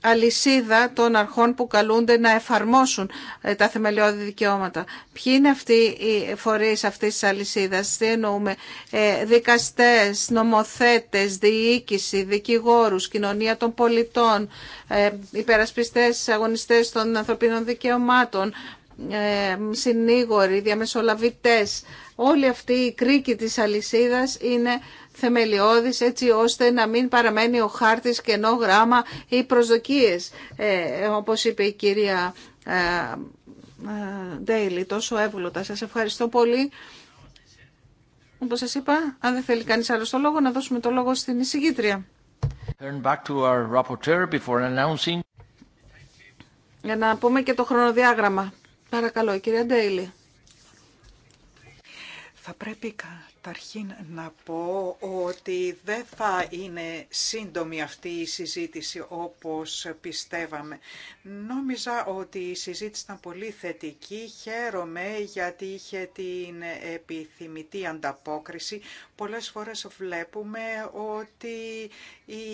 αλυσίδα των αρχών που καλούνται να εφαρμόσουν ε, τα θεμελιώδη δικαιώματα. Ποιοι είναι αυτοί οι φορείς αυτής της αλυσίδας, τι εννοούμε, ε, δικαστές, νομοθέτες, διοίκηση, δικηγόρους, κοινωνία των πολιτών, ε, υπερασπιστές, αγωνιστές των ανθρωπίνων δικαιωμάτων, ε, συνήγοροι, διαμεσολαβητές, όλη αυτή η κρίκη της αλυσίδας είναι θεμελιώδης έτσι ώστε να μην παραμένει ο χάρτης κενό γράμμα ή προσδοκίες, ε, όπως είπε η κυρία ε, ε, Ντέιλι, τόσο εύγλωτα. Σας ευχαριστώ πολύ. Όπω σα είπα, αν δεν θέλει κανεί άλλο το λόγο, να δώσουμε το λόγο στην εισηγήτρια. Για να πούμε και το χρονοδιάγραμμα. Παρακαλώ, κυρία Ντέιλι. Θα πρέπει καταρχήν να πω ότι δεν θα είναι σύντομη αυτή η συζήτηση όπως πιστεύαμε. Νόμιζα ότι η συζήτηση ήταν πολύ θετική. Χαίρομαι γιατί είχε την επιθυμητή ανταπόκριση. Πολλές φορές βλέπουμε ότι η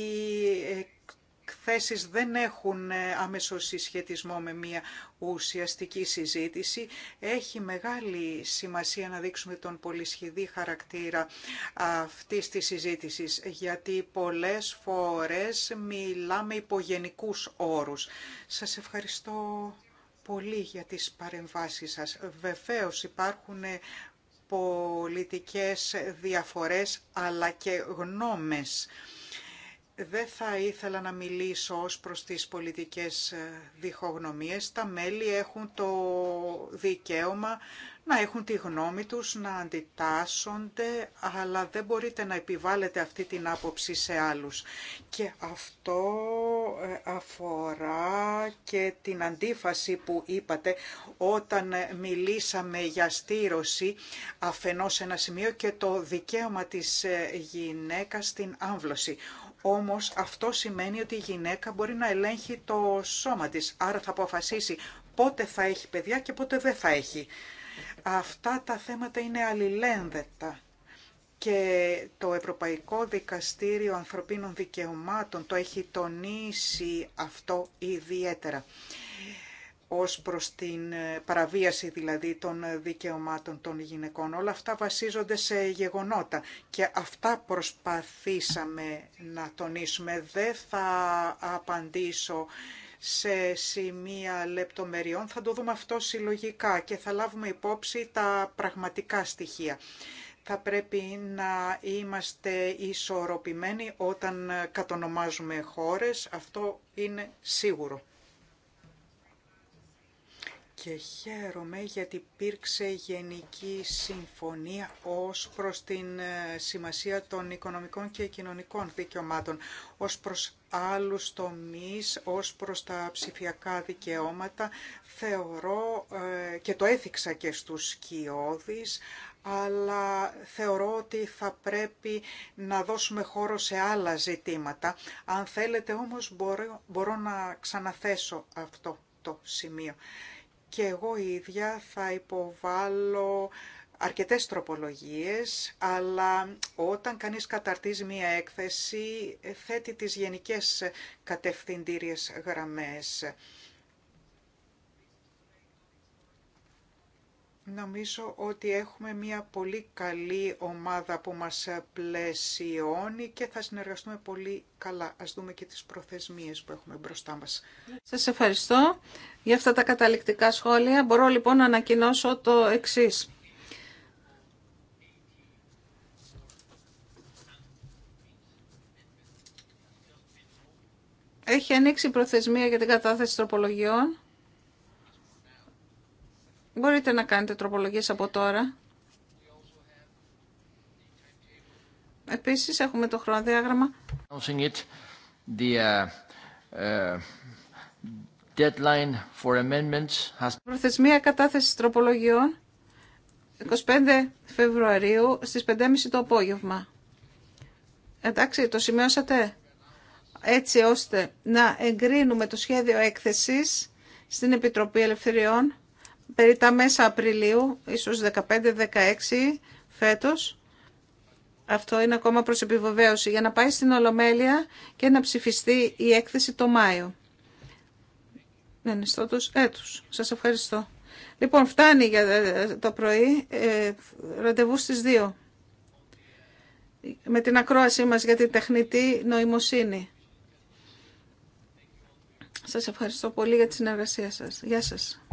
εκθέσεις δεν έχουν ε, άμεσο συσχετισμό με μια ουσιαστική συζήτηση. Έχει μεγάλη σημασία να δείξουμε τον πολυσχηδή χαρακτήρα αυτής της συζήτησης, γιατί πολλές φορές μιλάμε υπογενικούς όρους. Σας ευχαριστώ πολύ για τις παρεμβάσεις σας. Βεβαίως υπάρχουν ε, πολιτικές διαφορές αλλά και γνώμες δεν θα ήθελα να μιλήσω ως προς τις πολιτικές ε, διχογνωμίες. Τα μέλη έχουν το δικαίωμα να έχουν τη γνώμη τους, να αντιτάσσονται, αλλά δεν μπορείτε να επιβάλλετε αυτή την άποψη σε άλλους. Και αυτό ε, αφορά και την αντίφαση που είπατε όταν ε, μιλήσαμε για στήρωση αφενός σε ένα σημείο και το δικαίωμα της γυναίκας στην άμβλωση. Όμως αυτό σημαίνει ότι η γυναίκα μπορεί να ελέγχει το σώμα της, άρα θα αποφασίσει πότε θα έχει παιδιά και πότε δεν θα έχει. Αυτά τα θέματα είναι αλληλένδετα και το Ευρωπαϊκό Δικαστήριο Ανθρωπίνων Δικαιωμάτων το έχει τονίσει αυτό ιδιαίτερα ως προς την ε, παραβίαση δηλαδή των ε, δικαιωμάτων των γυναικών. Όλα αυτά βασίζονται σε γεγονότα και αυτά προσπαθήσαμε να τονίσουμε. Δεν θα απαντήσω σε σημεία λεπτομεριών, θα το δούμε αυτό συλλογικά και θα λάβουμε υπόψη τα πραγματικά στοιχεία. Θα πρέπει να είμαστε ισορροπημένοι όταν ε, κατονομάζουμε χώρες, αυτό είναι σίγουρο και χαίρομαι γιατί υπήρξε γενική συμφωνία ως προς την ε, σημασία των οικονομικών και κοινωνικών δικαιωμάτων, ως προς άλλους τομείς, ως προς τα ψηφιακά δικαιώματα. Θεωρώ, ε, και το έθιξα και στους κοιόδης, αλλά θεωρώ ότι θα πρέπει να δώσουμε χώρο σε άλλα ζητήματα. Αν θέλετε όμως μπορώ, μπορώ να ξαναθέσω αυτό το σημείο και εγώ ίδια θα υποβάλω αρκετές τροπολογίες, αλλά όταν κανείς καταρτίζει μία έκθεση θέτει τις γενικές κατευθυντήριες γραμμές Νομίζω ότι έχουμε μια πολύ καλή ομάδα που μας πλαισιώνει και θα συνεργαστούμε πολύ καλά. Ας δούμε και τις προθεσμίες που έχουμε μπροστά μας. Σας ευχαριστώ για αυτά τα καταληκτικά σχόλια. Μπορώ λοιπόν να ανακοινώσω το εξής. Έχει ανοίξει η προθεσμία για την κατάθεση τροπολογιών Μπορείτε να κάνετε τροπολογίες από τώρα. Επίσης έχουμε το χρονοδιάγραμμα. Uh, uh, Προθεσμία κατάθεσης τροπολογιών 25 Φεβρουαρίου στις 5.30 το απόγευμα. Εντάξει, το σημειώσατε έτσι ώστε να εγκρίνουμε το σχέδιο έκθεσης στην Επιτροπή Ελευθεριών περί τα μέσα Απριλίου, ίσως 15-16 φέτος. Αυτό είναι ακόμα προς επιβεβαίωση για να πάει στην Ολομέλεια και να ψηφιστεί η έκθεση το Μάιο. Ενιστό τους έτους. Σας ευχαριστώ. Λοιπόν, φτάνει για ε, το πρωί. Ε, ραντεβού στις 2. Με την ακρόασή μας για την τεχνητή νοημοσύνη. Σας ευχαριστώ πολύ για τη συνεργασία σας. Γεια σας.